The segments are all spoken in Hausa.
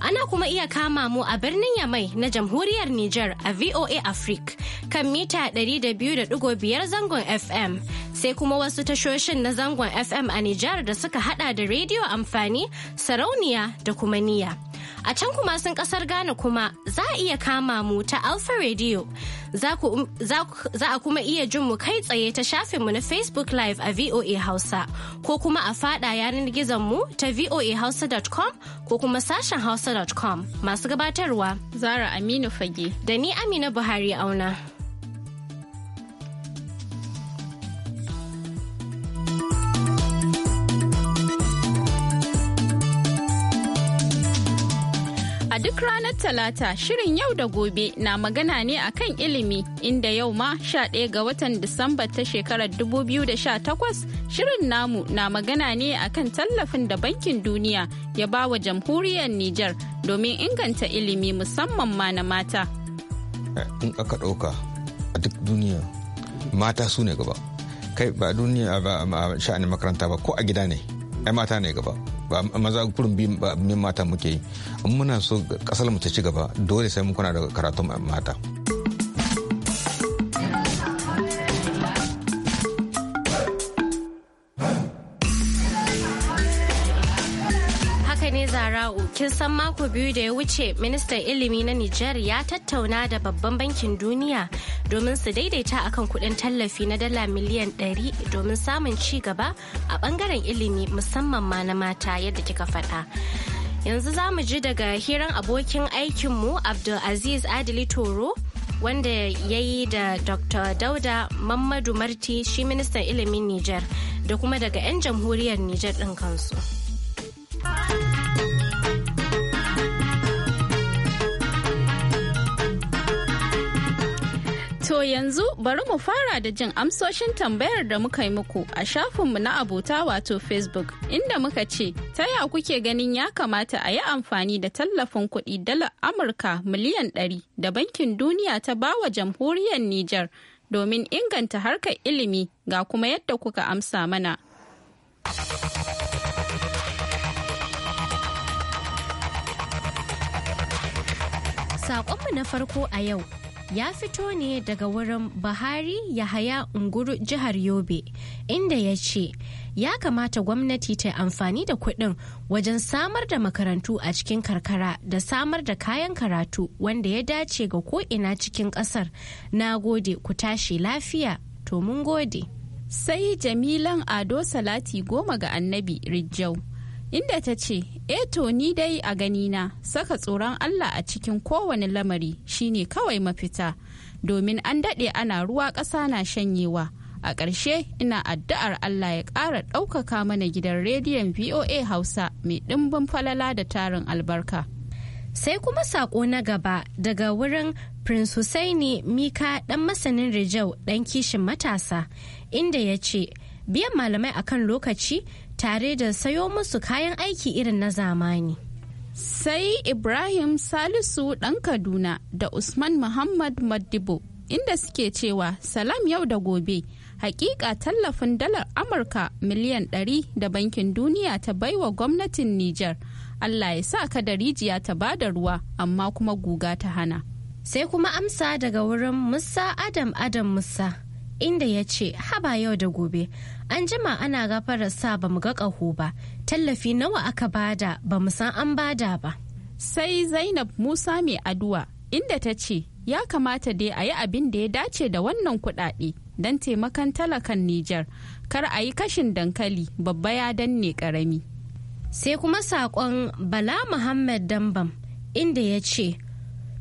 Ana kuma iya kama mu a birnin Yamai na Jamhuriyar Nijar a VOA Africa kan mita 200.5 zangon FM. Sai kuma wasu tashoshin na zangon FM a Nijar da suka hada da rediyo amfani, sarauniya da kuma niya. A can kuma sun kasar Ghana kuma za a iya kama mu ta Alpha Radio. za a kuma iya jin mu kai tsaye ta mu na Facebook Live a VOA Hausa ko kuma a fada yanar gizon mu ta voahausa.com ko kuma sashen hausa.com masu gabatarwa. Zara Aminu Fage. Da ni Amina Buhari auna. duk ranar Talata shirin yau da gobe na magana ne akan ilimi inda yau ma 11 ga watan Disamba ta shekarar 2018 shirin namu na magana ne akan tallafin da bankin duniya ya ba wa jamhuriyar Nijar domin inganta ilimi musamman ma na mata. In aka ɗauka a duk duniya mata su ne gaba. Kai ba duniya ba sha'anin makaranta ba ko a gida ne, ai mata ne gaba. ba maza kurin bi min mata muke yi in muna so kasar mu ta ci gaba dole sai mun kuna da karatun mata kin san mako biyu da ya wuce ministan ilimi na Nijar ya tattauna da babban bankin duniya domin su daidaita akan kuɗin tallafi na dala miliyan 100 domin samun ci gaba a ɓangaren ilimi musamman ma na mata yadda kika faɗa. Yanzu za mu ji daga hiran abokin aikinmu Abdulaziz Adili Toro wanda ya yi da Dr. Dauda Mammadu Marti shi ministan ilimin Nijar da kuma daga 'yan jamhuriyar Nijar ɗin kansu. To yanzu bari mu fara da jin amsoshin tambayar da muka yi muku a shafinmu na abota wato Facebook inda muka ce, ta ya kuke ganin ya kamata a yi amfani da tallafin kuɗi dalar Amurka miliyan ɗari da Bankin Duniya ta bawa jamhuriyar Nijar domin inganta harkar ilimi ga kuma yadda kuka amsa mana. Saƙonmu na farko a yau ya fito ne daga wurin Buhari Yahaya Unguru jihar Yobe, inda ya ce, ya kamata gwamnati ta amfani da kuɗin wajen samar da makarantu a cikin karkara da samar da kayan karatu wanda ya dace ga ko'ina cikin ƙasar. Na gode ku tashi lafiya, to mun gode. Sai Jamilan Ado Salati goma ga annabi Rijau. inda ta ce eto eh ni dai a ganina saka tsoron allah a cikin kowane lamari shine kawai mafita domin an daɗe ana ruwa ƙasa na shanyewa a ƙarshe ina addu'ar allah ya ƙara ɗaukaka mana gidan rediyon voa hausa mai ɗimbin falala da tarin albarka sai kuma saƙo na gaba daga wurin prince husaini mika ɗan masanin rijau ɗan kishin matasa inda ya ce biyan malamai akan lokaci tare da sayo musu kayan aiki irin na zamani. Sai Ibrahim Salisu ɗan Kaduna da Usman Muhammad Madibo inda suke cewa salam yau da gobe. hakika tallafin dalar amurka miliyan ɗari da bankin duniya ta baiwa gwamnatin nijar allah ya sa ka da rijiya ta ba da ruwa amma kuma guga ta hana sai kuma amsa daga wurin musa adam adam musa inda ya ce haba yau da gobe an jima ana gafararsa sa ba mu ga ƙaho ba tallafi nawa aka bada ba mu san an bada ba sai zainab musa mai aduwa inda ta ce ya kamata dai a yi abin da ya dace da wannan kuɗaɗe don taimakan talakan nijar kar a yi kashin dankali babba ya danne ƙarami sai kuma saƙon bala muhammad dambam inda ya ce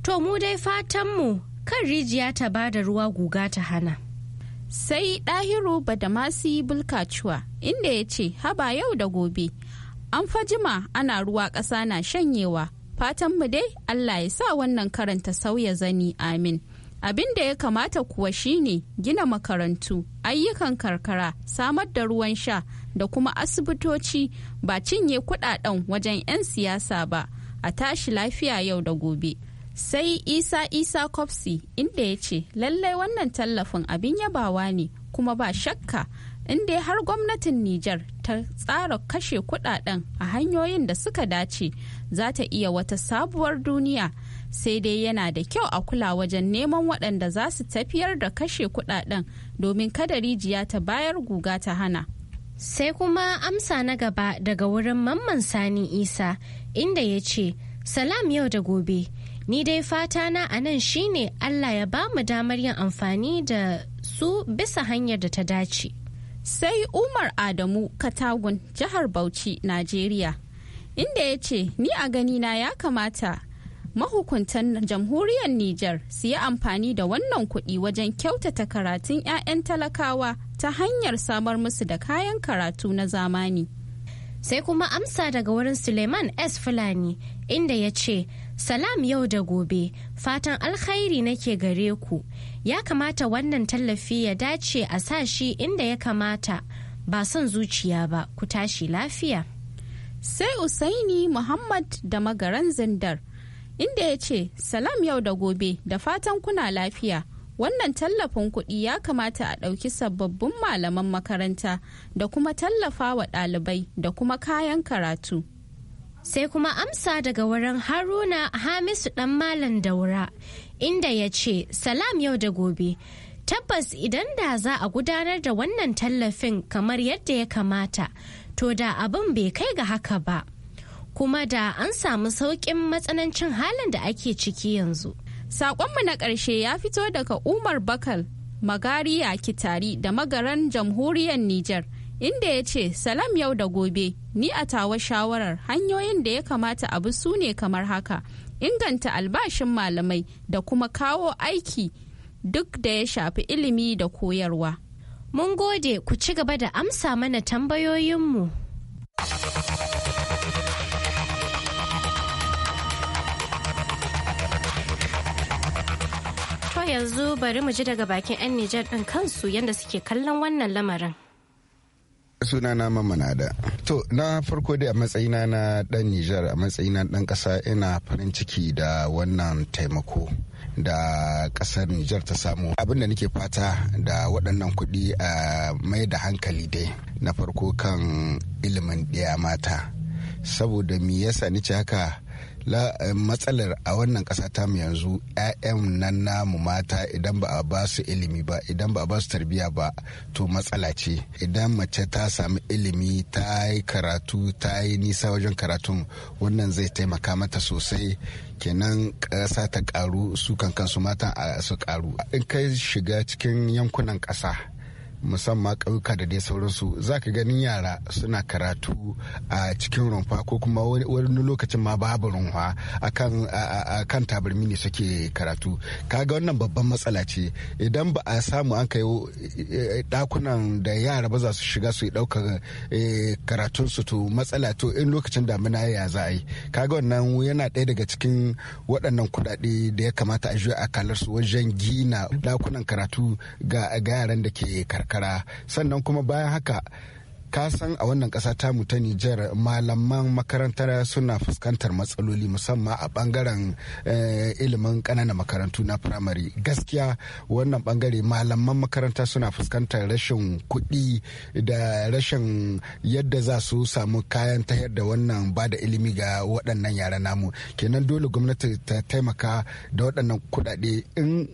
to mu dai fatanmu kan rijiya ta bada ruwa guga ta hana sai ɗahiru badamasi bulkacuwa inda ya ce haba yau da gobe an fajima ana ruwa ƙasa na shanyewa fatan mu dai allah ya sa wannan karanta sauya zani amin abin da ya kamata kuwa shine gina makarantu ayyukan karkara samar da ruwan sha da kuma asibitoci ba cinye kudaden wajen 'yan siyasa ba a tashi lafiya yau da gobe sai isa isa kopsi inda ya ce lallai wannan tallafin abin yabawa ne kuma ba shakka inda har gwamnatin niger ta tsara kashe kudaden a hanyoyin da suka dace za ta iya wata sabuwar duniya sai dai yana da kyau a kula wajen neman waɗanda za su tafiyar da kashe kudaden domin kada rijiya ta bayar guga ta hana sai kuma amsa na gaba daga wurin mamman sani isa inda ya ce salam yau da gobe Ni dai fata na a nan shine Allah ya ba mu damar yin amfani da su bisa hanyar da ta dace. Sai Umar Adamu Katagun jihar Bauchi, Najeriya, inda ya ce, Ni a gani na ya kamata mahukuntan jamhuriyar Nijar su yi amfani da wannan kuɗi wajen kyautata karatun 'ya'yan talakawa ta hanyar samar musu da kayan karatu na zamani. Sai kuma amsa daga wurin Suleiman S. Fulani inda ya ce, Salam yau da gobe, fatan alkhairi nake gare ku. Ya kamata wannan tallafi ya dace a sa shi inda ya kamata, ba son zuciya ba, ku tashi lafiya. Sai Usaini Muhammad da magaran zindar, inda ya ce, Salam yau da gobe, da fatan kuna lafiya. Wannan tallafin kuɗi ya kamata a ɗauki sababbin malaman makaranta da kuma tallafa wa ɗalibai da kuma kayan karatu. sai kuma amsa daga wurin haruna hamisu dan malam daura inda ya ce salam yau da gobe tabbas idan da za a gudanar da wannan tallafin kamar yadda ya kamata to da abin bai kai ga haka ba kuma da an samu sauƙin matsanancin halin da ake ciki yanzu saƙonmu na ƙarshe ya fito daga umar bakal magariya kitari da magaran jamhuriyar niger inda ya ce salam yau da gobe ni a tawa shawarar hanyoyin da ya kamata abu su ne kamar haka inganta albashin malamai da kuma kawo aiki duk da ya shafi ilimi da koyarwa. Mun gode ku ci gaba da amsa mana tambayoyinmu. To yanzu bari mu ji daga bakin 'yan Nijar ɗin kansu yadda suke kallon wannan lamarin. sunana mamanada to na farko dai a matsayina na dan nijar a matsayina dan kasa ina farin ciki da wannan taimako da kasar Nijar ta samu abinda nake fata da waɗannan kuɗi a mai da hankali dai na farko kan ilimin ɗaya mata saboda me yasa nice haka Eh, matsalar a wannan ƙasa ta mu yanzu 'ya'yan nan namu mata idan ba a ba su ilimi ba idan ba a ba su tarbiyya ba to matsala ce idan mace ta sami ilimi ta yi karatu ta yi nisa wajen karatun wannan zai taimaka mata sosai kenan ƙasa ta ƙaru su kan kansu matan su ƙaru in kai shiga cikin yankunan ƙasa musamman ƙauyuka da dai sauransu za ka ganin yara suna karatu a cikin rumfa ko kuma wani lokacin ma babu rumfa a kan tabarmi ne suke karatu kaga wannan babban matsala ce idan ba a samu an kai dakunan e, e, da yara ba za su shiga su yi ɗaukar e, karatunsu to matsala to in lokacin damina ya za a yi kaga wannan yana ɗaya daga cikin waɗannan kuɗaɗe da ya kamata a juya kalarsu wajen gina dakunan karatu ga yaran da ke karkara karkara sannan kuma bayan haka ka san a wannan kasa ta ta Nijar malaman makarantar suna fuskantar matsaloli musamman a bangaren eh, ilimin ƙananan makarantu na firamare gaskiya wannan bangare malaman makaranta suna fuskantar rashin kuɗi da rashin yadda za su samu kayan ta yadda wannan ba da ilimi ga waɗannan yara namu kenan dole gwamnati ta taimaka da waɗannan kuɗaɗe in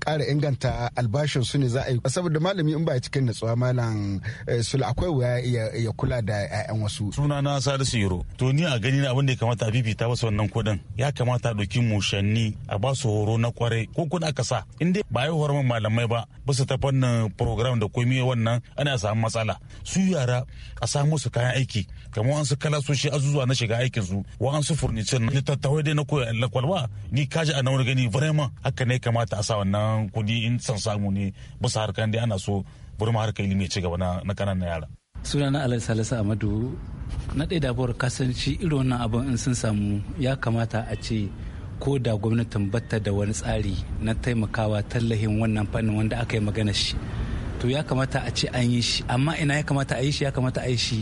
ƙara inganta albashin su ne za a yi saboda malami in ba cikin natsuwa malam eh, sul akwai wuya ya kula da 'ya'yan wasu suna na salisu yaro to ni a gani abin da ya kamata a fifita wasu wannan kudin ya kamata a ɗauki mushanni a ba su horo na kwarai ko kun aka sa in dai ba yi min malamai ba su ta fannin program da komai wannan ana samu matsala su yara a samu su kayan aiki kamar an su shi azuzuwa na shiga aikin su wa an su furniture na tattawai dai na koya lakwalwa ni kaji a na gani vraiment haka ne kamata a sa wannan Kudi kudi in san samu ne bisa harkar da ana so burma harkar ilimi ci gaba na kananan yara sunana alai salisu amadu na ɗaya dabuwar kasance irin wannan abin in sun samu ya kamata a ce ko da gwamnatin batta da wani tsari na taimakawa tallahin wannan fannin wanda aka yi magana shi to ya kamata a ce an yi shi amma ina ya kamata a yi shi ya kamata a yi shi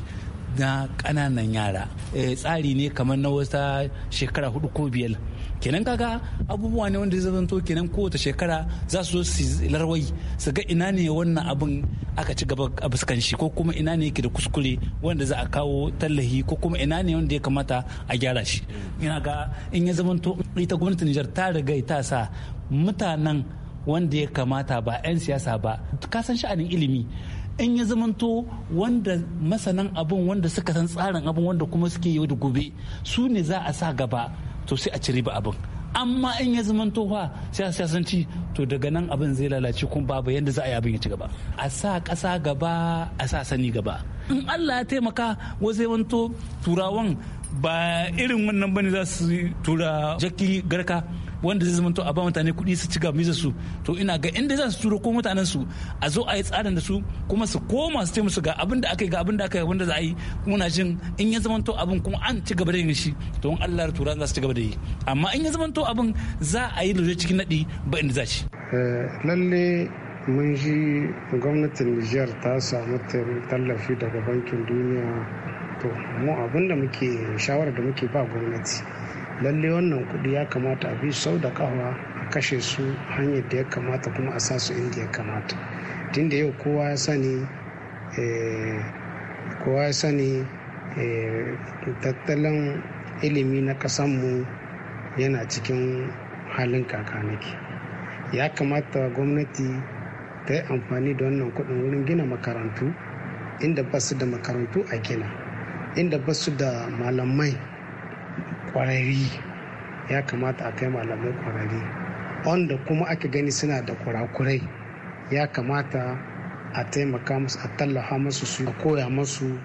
na kananan yara eh, tsari ne kamar na wata shekara hudu ko biyar kenan kaga abubuwa ne wanda zai zanto kenan kowace shekara za su zo su larwai su ga ina ne wannan abin aka ci gaba a fuskan shi ko kuma ina ne yake da kuskure wanda za a kawo tallahi ko kuma ina ne wanda ya kamata a gyara shi ina ga in ya zamanto ita gwamnatin Nijar ta riga ta sa mutanen wanda ya kamata ba 'yan siyasa ba ka san sha'anin ilimi in ya zamanto wanda masanan abin wanda suka san tsarin abin wanda kuma suke yau da gobe su ne za a sa gaba to sai a ci riba abin amma in ya zama tofa siyasanci to daga nan abin zai lalace kuma babu yadda za a yi abin ya ci gaba a sa ƙasa gaba a sa sani gaba in allah ya taimaka wazai wanto turawan ba irin wannan bane za su tura jaki garka wanda zai zama to a ba mutane kuɗi su ci gamizar su to ina ga inda za su turo ko mutanen su a zo a yi tsarin da su kuma su koma su musu ga abin da aka yi ga abin da aka yi wanda za a yi muna jin in ya zama to abin kuma an ci gaba da yin shi to in Allah ya tura za su ci gaba da yi amma in ya zama to abin za a yi lura cikin naɗi ba inda za shi. Eh, lalle mun ji gwamnatin Nijar ta samu tallafi daga bankin duniya to mu abin da muke shawarar da muke ba gwamnati lallai wannan kuɗi ya kamata a bi sau da kawa a kashe su hanyar da ya kamata kuma a sa su inda ya kamata tun da yau kowa ya sani eh, kowa ya sani eh, tattalin ilimi na kasanmu yana cikin halin kakaniki ya kamata gwamnati ta yi amfani da wannan kuɗin wurin gina makarantu inda ba su da makarantu a gina inda ba su da malamai kwararri ya kamata a kai malamai kwararri wanda kuma aka gani suna da kurakurai ya kamata a taimaka musu a tallafa musu su A koya musu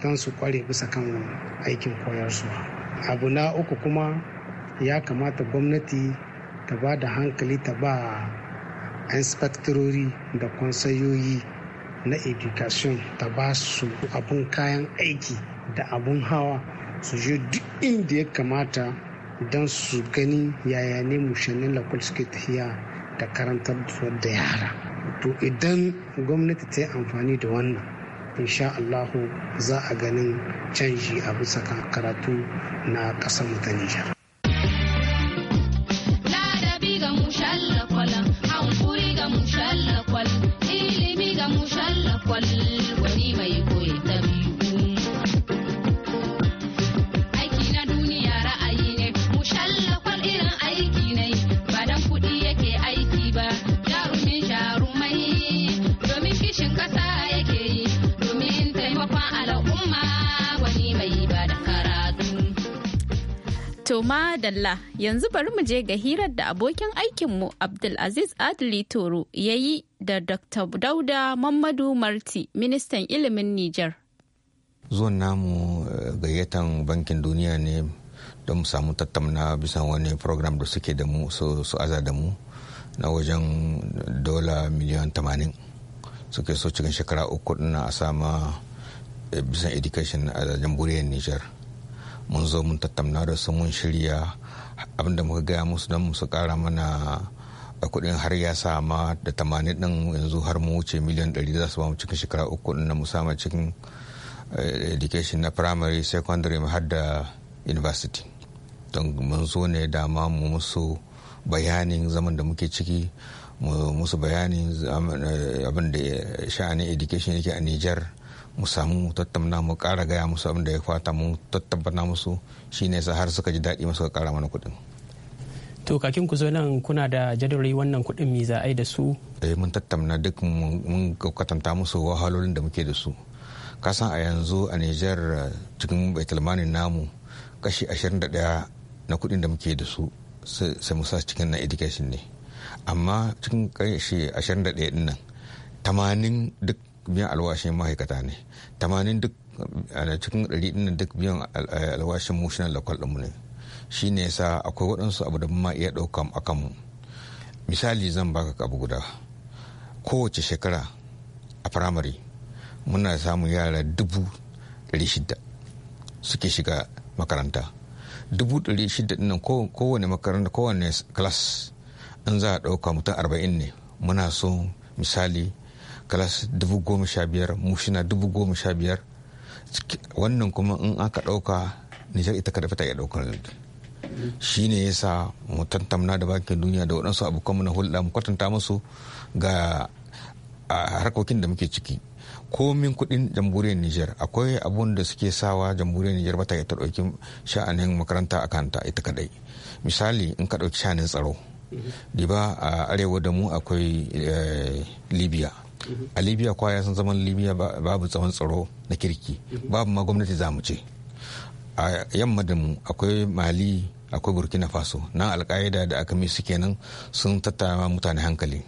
don su kware bisa kan aikin koyarsu abu na uku kuma ya kamata gwamnati ta ba da hankali ta ba inspectorori da kwansayoyi na education ta ba su abun kayan aiki da abun hawa su je duk inda ya kamata don su gani yaya ne mushannin lakwal suke tafiya da karantar da yara to idan gwamnati ta yi amfani da wannan insha Allahu za a ganin canji a bisa karatu na kasar mu ta Nijar. ilimi ga To madalla yanzu bari mu je ga hirar da abokin aikinmu Abdulaziz Adli Toro ya yi da Dr. Dauda Mamadu Marti, ministan ilimin Nijar. Zuwan namu eh, gayyatan bankin duniya ne don mu samu tattauna bisa wani program da suke da mu su aza da mu na wajen dola miliyan tamanin suke so cikin shekara uku na a sama eh, bisan education a jamhuriyar Nijar. mun zo mun tattauna da su mun shirya abinda muka gaya musu don musu kara mana a eh, kudin har ya sama da tamanin din yanzu har mu wuce miliyan 100 za su ba mu cikin shekara uku din na musamman cikin eh, education na primary secondary har da university don mun zo ne da ma mu musu bayanin zaman da muke ciki musu bayanin eh, abin da sha'anin education yake a niger mu samu mu tattauna mu kara gaya musu abin da ya fata mu tattauna musu shine sa har suka ji daɗi musu ka kara mana kuɗin. to kakin ku zo nan kuna da jadawali wannan kuɗin mi za a da su. eh mun tattauna duk mun kwatanta musu wahalolin da muke da su kasan a yanzu a niger cikin baitulmanin namu kashi 21 na kuɗin da muke da su sai musa cikin na education ne amma cikin kashi 21 ɗin nan 80 duk biyan alwashin ma'aikata ne tamanin duk a cikin dari ɗin duk biyan eh, alwashin mushinan lakwal ɗinmu ne shi ne sa akwai waɗansu abu da ma iya ɗaukan a kanmu misali zan baka abu guda kowace shekara a firamare muna samun yara dubu ɗari shida suke shiga makaranta dubu ɗari shida ɗinnan kowane makaranta kowane class in za a ɗauka mutum arba'in ne muna so misali kalas dubu goma sha biyar mushina dubu goma sha biyar wannan kuma in aka ɗauka nijar ita kada ta iya ɗaukar shi ne yasa mu tantamna da bakin duniya da waɗansu abokanmu na hulɗa mu kwatanta musu ga harkokin da muke ciki komin kuɗin jamhuriyar nijar akwai abun da suke sawa jamhuriyar nijar ba ta ɗauki sha'anin makaranta a kanta ita kadai misali in ka ɗauki sha'anin tsaro diba a arewa da mu akwai eh, libya a libya kwaya sun zaman libya babu tsawon tsaro na kirki babu ma gwamnati za mu ce a yamma da mu akwai mali akwai burkina faso nan alka'ida da aka mai suke nan sun tattara mutane hankali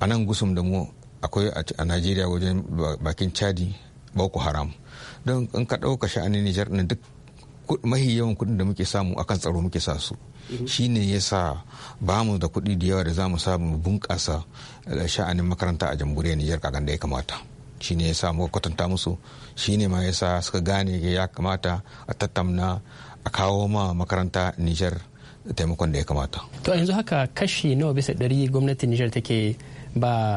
a nan gusum da mu akwai a najeriya wajen bakin chadi boko haram don in ka ɗauka sha'anin nijar na duk mahi yawan kuɗin da muke samu akan tsaro muke sa su ne ya sa ba mu da kuɗi da yawa da za mu samu bunƙasa eh, sha'anin makaranta a jamhuriyar Nijar kagan da ya kamata shi ne ya sa muka kwatanta musu shi ne ma ya sa suka gane ya kamata a tattamna a kawo ma makaranta Nijar taimakon da ya kamata. To yanzu haka kashi nawa bisa ɗari gwamnatin Nijar take ba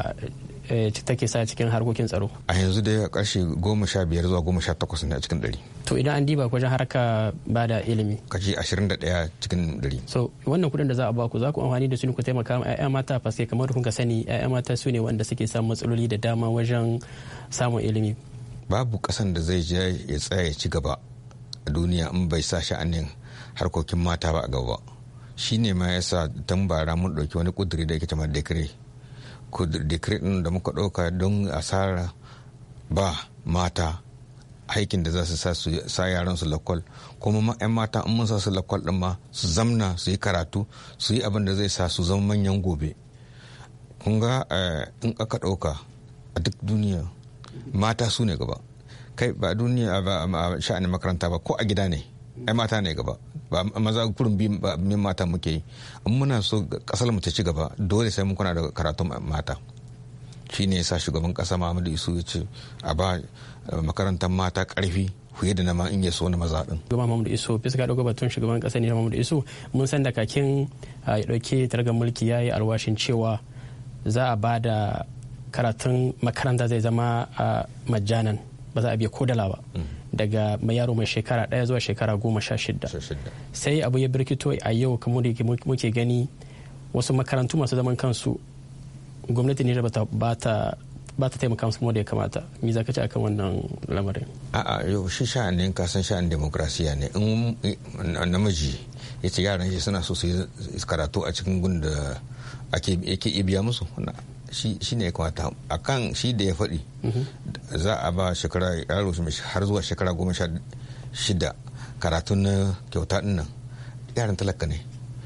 Eh, take sa cikin harkokin tsaro a yanzu dai kashi goma sha biyar zuwa goma sha takwas ne a cikin ɗari to idan an diba wajen harka ba da ilimi kashi ashirin da ɗaya cikin ɗari so wannan kuɗin da za a baku za ku amfani da su ne ku taimaka ma 'ya'ya mata paske kamar kun ka sani 'ya'ya mata su ne wanda suke samun matsaloli da dama wajen samun ilimi babu kasan da zai je ya tsaya ya ci gaba a duniya in bai sa sha'anin harkokin mata ba a gaba shi ne ma yasa tambara mun ɗauki wani kuduri da yake cewa dekare decree ɗin da muka ɗauka don a tsara ba mata aikin da za su sa su yaran su lakwal kuma yan mata in mun sa su lakwal din ma su zamna su yi karatu su yi abin da zai sa su zama manyan gobe kun ga eh, in aka ɗauka a duk duniya mata su ne gaba kai ba duniya ba a sha'anin makaranta ba ko a gida ne ai mata ne gaba ba maza kurin bi min mata muke yi in muna so kasar mu ta ci gaba dole sai mun kuna da karatun mata shi ne sa shugaban kasa Muhammadu Isu ya ce a ba eh, makarantar mata karfi fiye da nama in ya so na maza din. Shugaban Muhammadu Isu bisa ga dogo batun shugaban kasa ne Muhammadu Isu mun san da kakin eh, ya dauke targar mulki yi alwashin cewa za a ba da karatun makaranta zai zama a eh, majanan ba za a biya ko dala ba. Mm. daga yaro mai shekara ɗaya zuwa shekara goma sha shida sai abu ya birkito a yau kamar da muke gani wasu makarantu masu zaman kansu gwamnati ne ba ta taimaka musu da ya kamata mi za ka ci akan wannan lamarin a'a yau shi ka san sha'an demokrasiya ne in namiji ya ce yaran shi suna so su yi karatu a cikin gun da ake ibiya musu shi ne kwata a kan shi da ya faɗi mhm. za a ba shekara yaro har zuwa shekara goma sha shida karatun na kyauta ɗin nan yaran talaka ne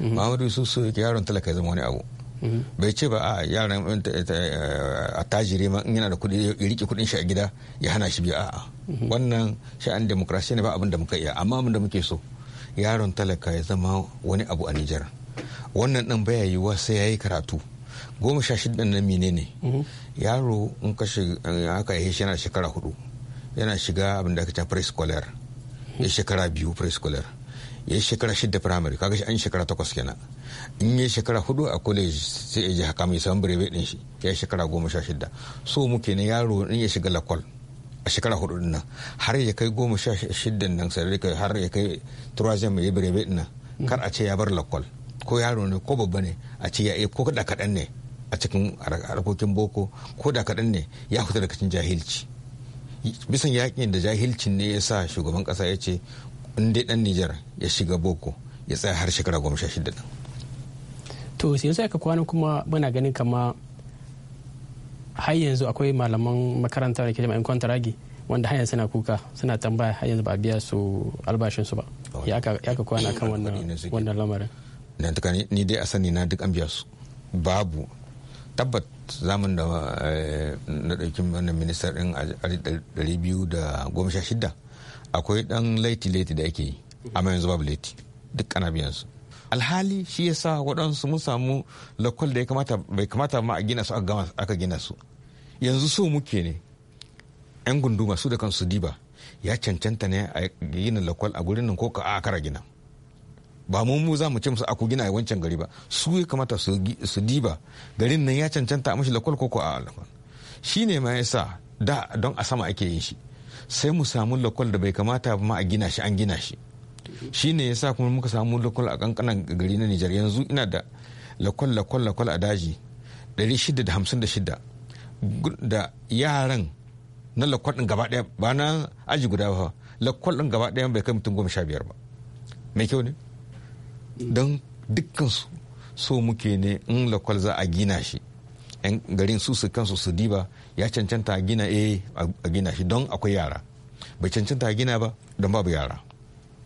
mhm. muhammadu yusuf so yake yaron talaka ya zama wani abu mhm. bai ce ba a yaran eh, eh, tajiri ma in yana da kudi ya rike kudin shi a gida ya hana shi biya a'a wannan sha'an demokrasi ne ba abin da muka iya amma abin da muke so yaron talaka ya zama wani abu a Nijar wannan din baya yiwuwa sai yi karatu goma sha shida na mine ne mhm. yaro in ka haka eh, ya shi yana shekara hudu yana shiga abin da aka ce preschooler mhm. ya shekara biyu preschooler ya shekara shida primary kaga shi an shekara takwas kenan in ya shekara hudu a college sai ya ji haka mai samun birebe din shi ya shekara goma sha shida so muke ne yaro in ya shiga lakwal a shekara hudu din nan har ya kai goma sha shida nan sai har ya kai turazin mai birebe din nan mhm. kar a ce ya bar lakwal ko yaro ne ko babba ne a ce ya ko kada kaɗan ne a cikin harkokin boko ko da kaɗan ne ya fita daga cikin jahilci bisan yakin da jahilcin ne ya sa shugaban ƙasa ya ce in dai ɗan nijar ya shiga boko ya tsaya har shekara goma sha shida to sai yanzu aka kwana kuma muna ganin kama har yanzu akwai malaman makaranta da ke jama'in kwantaragi wanda har suna kuka suna tambaya har yanzu ba a biya su albashinsu ba ya ka kwana kan wannan lamarin ni dai a sani na duk an biya su babu tabbat zamun da eh, na ɗauki wannan minista ɗin a shida akwai ɗan laiti-laiti da ake yi amma yanzu babu laiti duk ana biyansu. alhali shi ya sa waɗansu mun samu lakwal da ya kamata bai kamata ma a gina su aka gina su yanzu so muke ne 'yan gunduma su da kansu diba ya cancanta ne a gina lakwal a gurin nan ko ka a kara gina ba mu mu za mu ce musu aku gina a wancan gari ba su ya kamata su diba garin nan ya cancanta a mashi lakwal ko a lakwal shi ne ma yasa da don a sama ake yin shi sai mu samu lakwal da bai kamata ma a gina shi an gina shi shi ne ya sa kuma muka samu lakwal a kankanan gari na Nijar yanzu ina da lakwal lakwal lakwal a daji 656 da yaran na lakwal din gaba daya ba na aji guda ba lakwal din gaba daya bai kai mutum goma sha biyar ba mai kyau ne don dukkansu so muke ne in lakwal za a gina shi yan garin su su kansu su diba ya cancanta a gina eh a gina shi don akwai yara bai cancanta a gina ba don babu yara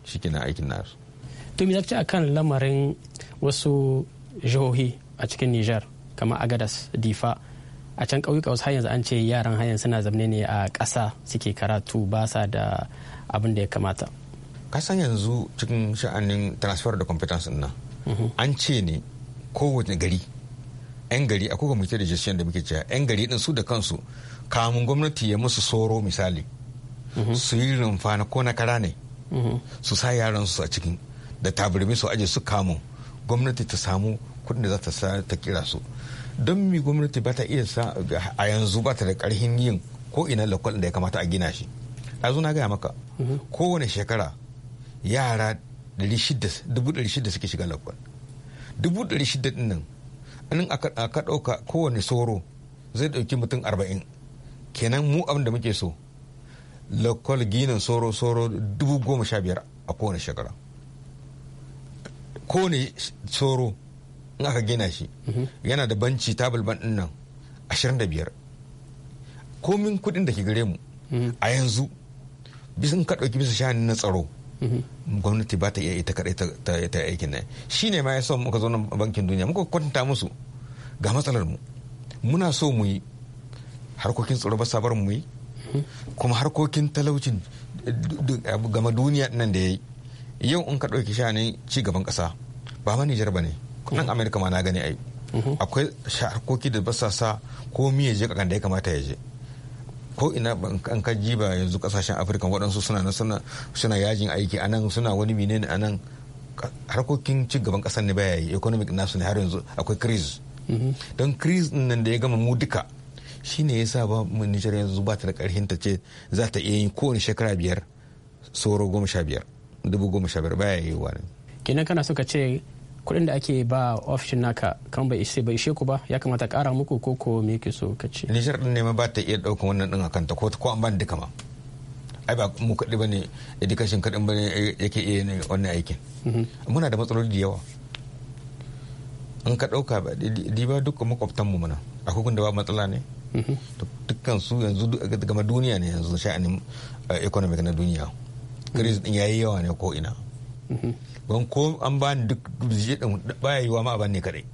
shi kina aikin nasu to mi zafi akan lamarin wasu jihohi a cikin niger kamar agadas difa a can ƙauyuka wasu har yanzu an ce yaran har suna zamne ne a ƙasa suke karatu ba sa da abin da ya kamata kasan yanzu cikin sha'anin transfer da competence nan mhm. an ce ne kowace gari yan gari akwai kwamitin registration da muke cewa yan gari din su da kansu kamun gwamnati ya musu soro misali mhm. su yi rumfa na ko na kara ne mhm. su sa yaran su a cikin da tabirmi su aje su kamun gwamnati ta samu kudin da za ta ta kira su don mi gwamnati ba ta iya sa a yanzu ba ta da karhin yin ko ina lakwal da ya kamata a gina shi a na gaya maka kowane shekara yara 600 suke shiga lakwal 600 nan anin aka ɗauka kowane soro zai ɗauki mutum 40 kenan mu abin da muke so lakwal ginin soro soro 15,000 a kowane shekara kowane soro in aka gina shi mhm. yana da banci tabul ban nan 25 komin kudin da ke gare mu mhm. a yanzu bisan ka ɗauki bisa shani na tsaro gwamnati ba ta iya ita kadai ta aikin nan shi ne ma ya sa muka zo bankin duniya muka kwatanta musu ga matsalar mu muna so mu yi harkokin tsaro ba sabar mu yi kuma harkokin talaucin gama duniya nan da ya yi yau in ka ɗauki shanin ci gaban ƙasa ba ma Nijar ba ne nan Amerika ma na gani ai mhm. akwai harkoki da ba sa sa ko miye je kakan da ya kamata ya je ko ina an ka jiba yanzu kasashen afirka waɗansu suna na suna yajin aiki a nan suna wani menene a nan harkokin ci gaban ƙasar ne baya yi economic nasu ne har yanzu akwai kris. Mhm. don kris nan da ya gama mu duka shine ya sa ba mu nijar yanzu ba ta da ƙarfin ta ce za ta iya yin kowane shekara biyar tsoro goma sha biyar dubu goma sha biyar baya yi wa ne kenan kana suka ce kuɗin da ake ba ofishin naka kan bai ishe bai ishe ku ba ya kamata kara muku ko ko me ke so ka ce nishar din ne ma ba ta iya daukan wannan din akan ta ko ko an ban duka ma ai ba mu kaɗi ba ne education kaɗin ba ne eh, yake iya ne wannan aikin mhm. muna da matsaloli da yawa in ka ɗauka ba duka dukkan mu muna akwai gunda ba matsala ne mhm. dukkan su yanzu gama duniya ne yanzu sha'anin eh, economic na duniya mhm. crisis din yayi yawa ne ko ina ban ko an ba ni duk birje din baya yiwa ma a ne kadai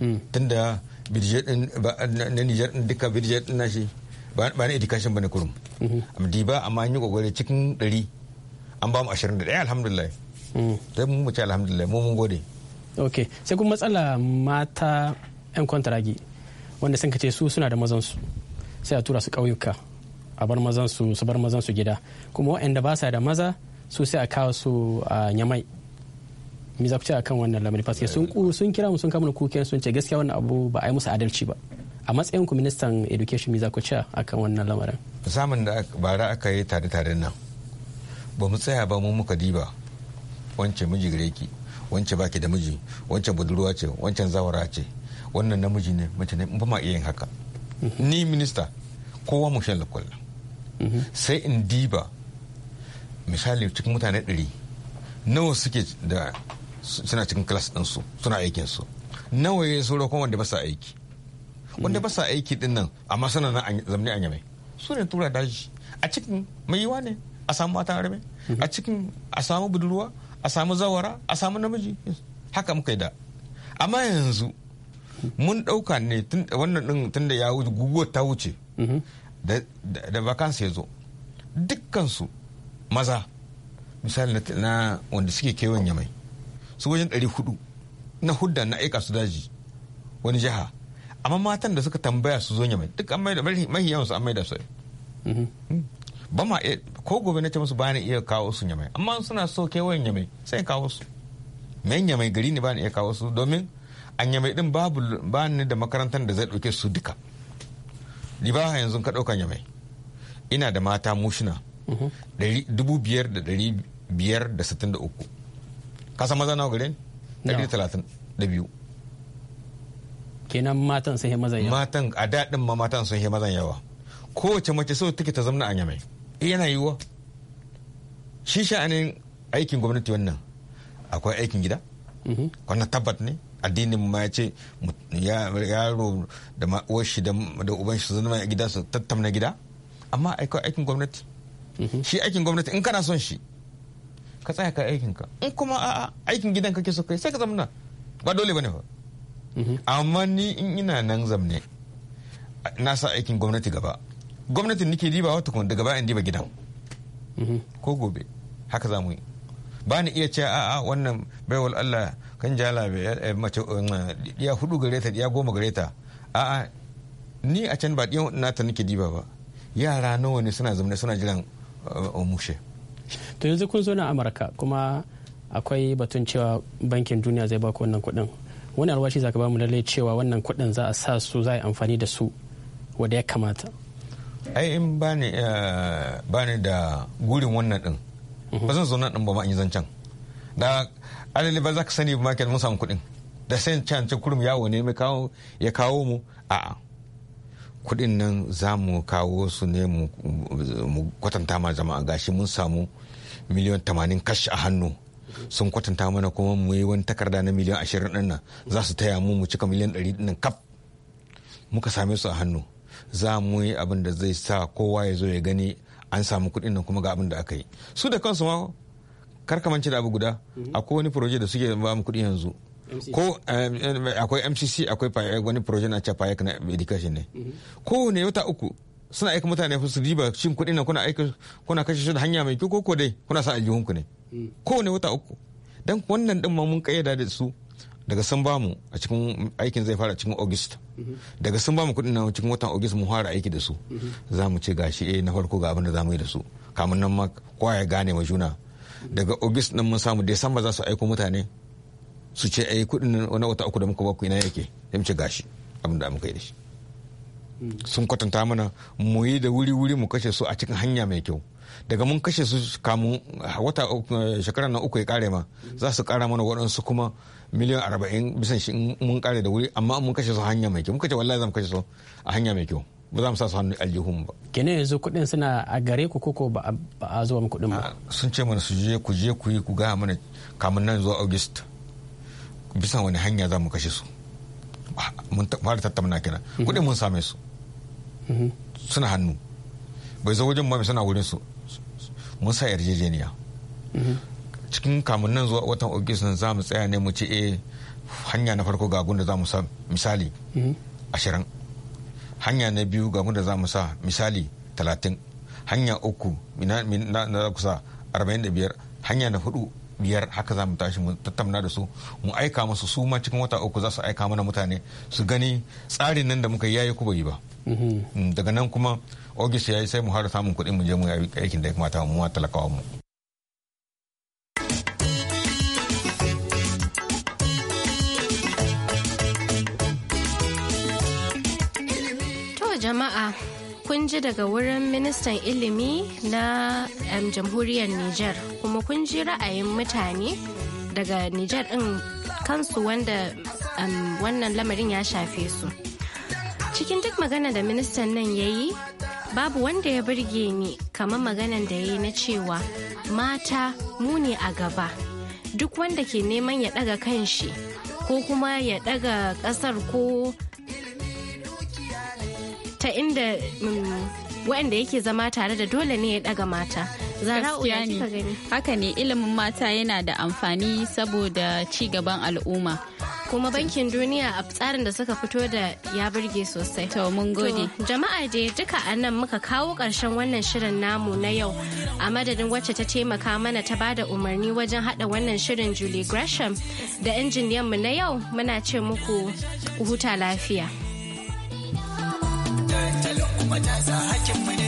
hmm. tunda birje din na Niger din duka birje din shi ba na education bane kurum hmm. amdi ba amma an yi kokari cikin 100 an ba mu 21 alhamdulillah hmm. sai mu mu ce alhamdulillah mu mun gode ok sai kuma matsala mata yan kwantaragi wanda sun kace su suna da mazan su sai a tura su ƙauyuka a bar mazan su su bar mazan su gida kuma waɗanda ba sa da maza su sai a kawo su a nyamai mi za ku ce akan wannan lamarin fasike sun sun kira mu sun kama kuken sun ce gaskiya wannan abu ba a yi musu adalci ba a matsayin ku ministan education mi za ku ce akan wannan lamarin samun da bara aka yi tare tare nan ba mu tsaya ba mu muka diba wancan miji gireki wancan baki da miji wancan budurwa ce wancan zawara ce wannan namiji ne mace ne ba ma iya yin haka mhm. ni minista kowa mu shan lakwalla mhm. sai in diba misali cikin mutane ɗari nawa suke da suna cikin kilas ɗinsu suna aikinsu nawa ya sauro kuma wanda ba sa aiki wanda ba sa aiki din nan amma suna na zamani an yamai su ne tura daji a cikin mai yiwa ne a samu mata arme a cikin a samu budurwa a samu zawara a samu namiji haka muka yi da amma yanzu mun ɗauka ne wannan ɗin tun da ya wuce guguwar ta wuce da vakansa ya zo dukkansu maza misali na wanda suke kewan yamai su wajen hudu na hudda na aika su daji wani jiha amma matan da suka tambaya su zo nyamai duk an maida mahi yawan su an maida su mhm. hmm. ba ma ko gobe na ce musu bani iya kawo su nyamai amma suna so kewayen nyamai sai kawo su mai nyamai gari ne bani iya kawo su domin an nyamai din babu bani da makarantar da zai ɗauke su duka libaha yanzu ka ɗauka nyamai ina da mata mushina mhm. dubu biyar da dari biyar da sittin da uku ka san maza nawa gare ni ɗari talatin da biyu kenan matan sun yi mazan yawa matan a daɗin ma matan sun yi mazan yawa kowace mace so take ta zamna a yamai eh, yana yiwuwa shi sha'anin aikin gwamnati wannan akwai aikin gida mm-hmm. wannan tabbat ne addinin ma ya ce yaro da ma'uwar shi da uban shi zama a gida su tattamna gida amma akwai aikin gwamnati mm-hmm. shi aikin gwamnati in kana son shi ka tsaya ka aikin ka in kuma a'a aikin gidan kake so kai sai ka zamna ba dole bane ba mhm. amma ni in ina nan zamne na sa aikin gwamnati gaba gwamnatin nike diba wata kuma daga bayan diba gidan mhm. ko gobe haka za mu yi ba ni iya cewa a'a wannan baiwal Allah kan jala eh, mace eh, ya hudu gare ta ya goma gare ta a'a ni a can ba ɗiyan nata nike diba ba yara nawa ne suna zamne suna jiran eh, mushe to yanzu kun zo na amurka kuma akwai batun cewa bankin duniya zai baku wannan kudin wani alwashi za ka ba mu lallai cewa wannan kudin za a sa su za a yi amfani da su wadda ya kamata ai in ba ni eh, da gurin wannan din mhm. ba zan zo nan din ba ma in yi zancen da alali ba za ka sani ba mun samu kuɗin da sai can can kurum yawo ne ya kawo mu a'a kuɗin nan za mu kawo su ne mu kwatanta ma jama'a gashi mun samu miliyan tamanin kashi a hannu sun kwatanta mana kuma mu yi wani takarda na miliyan ashirin ɗin nan za su taya mu mu cika miliyan ɗari ɗin kaf muka same su a hannu za mu yi abin da zai sa kowa ya zo ya gani an samu kuɗin nan kuma ga abin da aka yi su da kansu ma karkamanci da abu guda mhm. akwai wani proje da suke ba mu kuɗi yanzu ko eh, akwai mcc akwai e, wani proje na cewa e na education ne mhm. kowane wata uku suna aika mutane su riba cin kuɗi na kuna aika kuna kashe shi da hanya mai kyau ko dai kuna sa aljihun ku ne hmm. kowane wata uku dan wannan din ma mun kayyada da su daga sun bamu a cikin aikin zai fara cikin august hmm. daga sun bamu kuɗin na cikin watan august mun fara aiki da su hmm. za mu ce gashi eh na farko ga abin da za mu yi da su kamun nan ma kowa ya gane ma juna daga august nan mun samu december za su aiko mutane su ce ai eh, kuɗin na wata uku da muka baku ina yake ya mu ce gashi abin da muka yi da shi sun kwatanta mana mu yi da wuri-wuri mu kashe su a cikin hanya mai kyau daga mun kashe su kamu wata eh, shekara na uku ya kare ma za su kara mana waɗansu kuma miliyan arba'in bisan shi mun kare da wuri amma mun kashe su hanya mai kyau muka ce wallahi zamu kashe su a hanya mai kyau ba za mu sa su hannu aljihun ba kene yanzu kuɗin suna a gare ku koko ba a zuwa mu ba sun ce mana su je ku je ku yi ku gaya mana kamun nan zuwa august bisan wani hanya za mu kashe su mun fara tattauna kenan mhm. kuɗin mun same su suna hannu bai zo wajen mai suna wurin su mun sa yarjejeniya cikin kamun nan zuwa watan ogis nan za mu tsaya ne mu ce eh hanya na farko ga da za mu sa misali ashirin hanya na biyu ga da za mu sa misali talatin hanya uku na kusa arba'in da biyar hanya na hudu biyar haka za mu tashi mu tattauna da su mu aika musu su ma cikin wata uku za su aika mana mutane su gani tsarin nan da muka yi yayi kuma yi ba mm-hmm. mm, daga nan kuma august ya yi sai mu har samun kuɗin mu je mu aikin da ya kamata mu ma talakawa mu kun ji daga wurin ministan ilimi na jamhuriyar Nijar kuma kun ji ra'ayin mutane daga Nijar ɗin kansu wanda wannan lamarin ya shafe su. Cikin duk magana da ministan nan ya yi, babu wanda ya birge ni kamar maganan da ya yi na cewa mata muni a gaba. Duk wanda ke neman ya ɗaga kanshi, ko kuma ya ɗaga ƙasar ko ta inda mm, waɗanda yake zama tare da dole ne ya ɗaga mata. Zara'u ya Haka ne ilimin mata yana da amfani saboda ci gaban al'umma. Kuma bankin duniya a tsarin da suka fito da ya burge sosai. To mun gode. Jama'a dai duka a nan muka kawo ƙarshen wannan shirin namu na yau a madadin wacce ta taimaka mana ta bada umarni wajen hada wannan shirin Julie Gresham da mu na yau muna ce muku huta lafiya. matasa hakkin mu